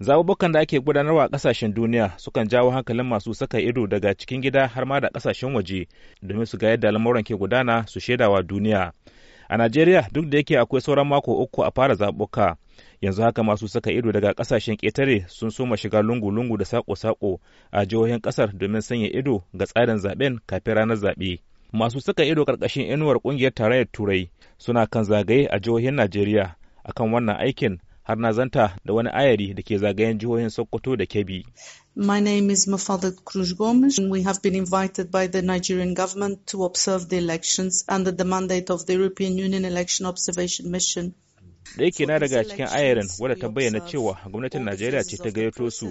zaɓuɓɓukan da ake gudanarwa a ƙasashen duniya sukan jawo hankalin masu saka ido daga cikin gida har ma da kasashen waje domin su ga yadda lamuran ke gudana su shaidawa duniya a najeriya duk da yake akwai sauran mako uku a fara zaɓuka yanzu haka masu saka ido daga ƙasashen ketare sun soma shiga lungu-lungu da sako-sako a jihohin ƙasar domin sanya ido ga tsarin zaɓen kafin ranar zaɓe masu saka ido ƙarƙashin inuwar ƙungiyar tarayyar turai suna kan zagaye a jihohin najeriya akan wannan aikin har da wani ayari da ke zagayen jihohin Sokoto da Kebbi. My name is Mafadat Cruz Gomes and we have been invited by the Nigerian government to observe the elections under the mandate of the European Union Election Observation Mission. ɗaya ke na daga cikin ayarin wadda ta bayyana cewa gwamnatin najeriya ce ta gayyato su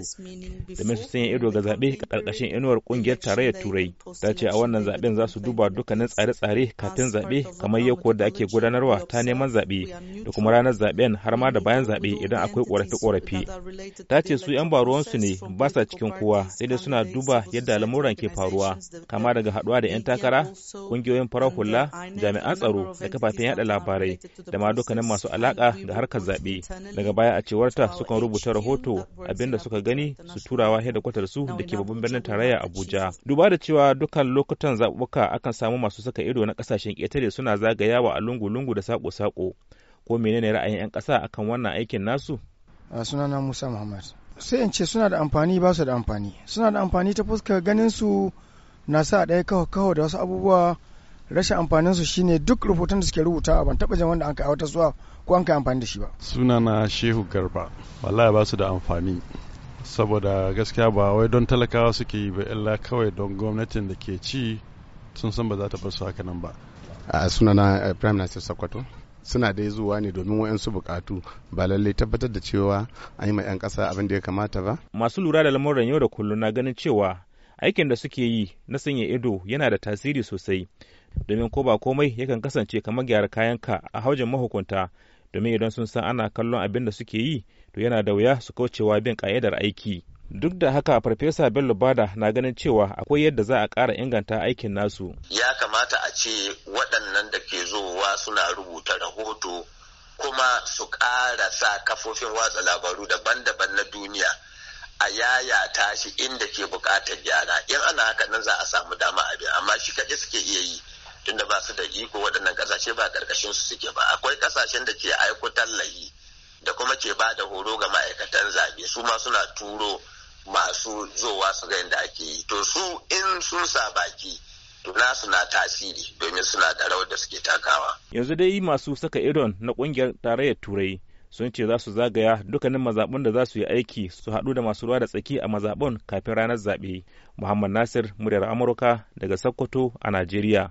domin su sanya ido ga zaɓe ƙarƙashin inuwar ƙungiyar tarayyar turai ta ce a wannan zaɓen za su duba dukkanin tsare-tsare kafin zaɓe kamar yau da ake gudanarwa ta neman zaɓe da kuma ranar zaɓen har ma da bayan zaɓe idan akwai ƙorafe-ƙorafe ta ce su 'yan baruwansu ne ba sa cikin kowa sai dai suna duba yadda lamuran ke faruwa kama daga haɗuwa da 'yan takara ƙungiyoyin farar hula jami'an tsaro da kafafen yaɗa labarai da ma dukkanin masu alaƙa da harkar zaɓe daga baya a cewarta sukan rubuta rahoto abinda suka gani su turawa hedikwatar su da ke babban birnin tarayya abuja duba da cewa dukkan lokutan zaɓuɓɓuka akan samu masu saka ido na ƙasashen ƙetare suna zagayawa a lungu-lungu da saƙo-saƙo ko menene ra'ayin 'yan ƙasa akan wannan aikin nasu sunana musa muhammad sai in ce suna da amfani ba su da amfani suna da amfani ta fuskar ganin su na sa ɗaya kawo kawo da wasu abubuwa rashin amfanin su shine duk rubutun da suke rubuta ban taba jin wanda an ka wata zuwa ko an kai amfani da shi ba Suna na shehu garba wallahi ba su da amfani saboda gaskiya ba wai don talakawa suke yi ba illa kawai don gwamnatin da ke ci sun san ba za ta bar su haka nan ba a na eh, prime minister sokoto suna da zuwa ne domin wayansu bukatu ba lallai tabbatar da cewa an yi ma 'yan kasa abin da ya kamata ba masu lura da lamuran yau da kullum na ganin cewa aikin da suke yi na sanya ido yana da tasiri sosai domin ko ba komai yakan kasance kamar gyara ka a haujin mahukunta domin idan sun san ana kallon abin da suke yi to yana da wuya su kaucewa bin ka'idar aiki duk da haka farfesa bello bada na ganin cewa akwai yadda za a ƙara inganta aikin nasu ya kamata a ce waɗannan da ke zowa suna rubuta rahoto kuma su ƙara sa kafofin watsa labaru daban-daban na duniya a yayata shi inda ke buƙatar gyara in ana haka nan za a samu dama abin amma shi kaɗai suke iya yi tunda ba su da iko waɗannan ƙasashe ba ƙarƙashin su suke ba akwai ƙasashen da ke aiko tallahi da kuma ke ba da horo ga ma'aikatan zaɓe su ma suna turo masu zowa su ga yadda ake yi to su in sun sa baki to nasu na tasiri domin suna da rawar da suke takawa yanzu dai masu saka idon na ƙungiyar tarayyar turai sun ce za su zagaya dukkanin mazaɓun da za su yi aiki su haɗu da masu ruwa da tsaki a mazaɓun kafin ranar zaɓe. Muhammad Nasir, muryar Amurka daga Sokoto a Najeriya.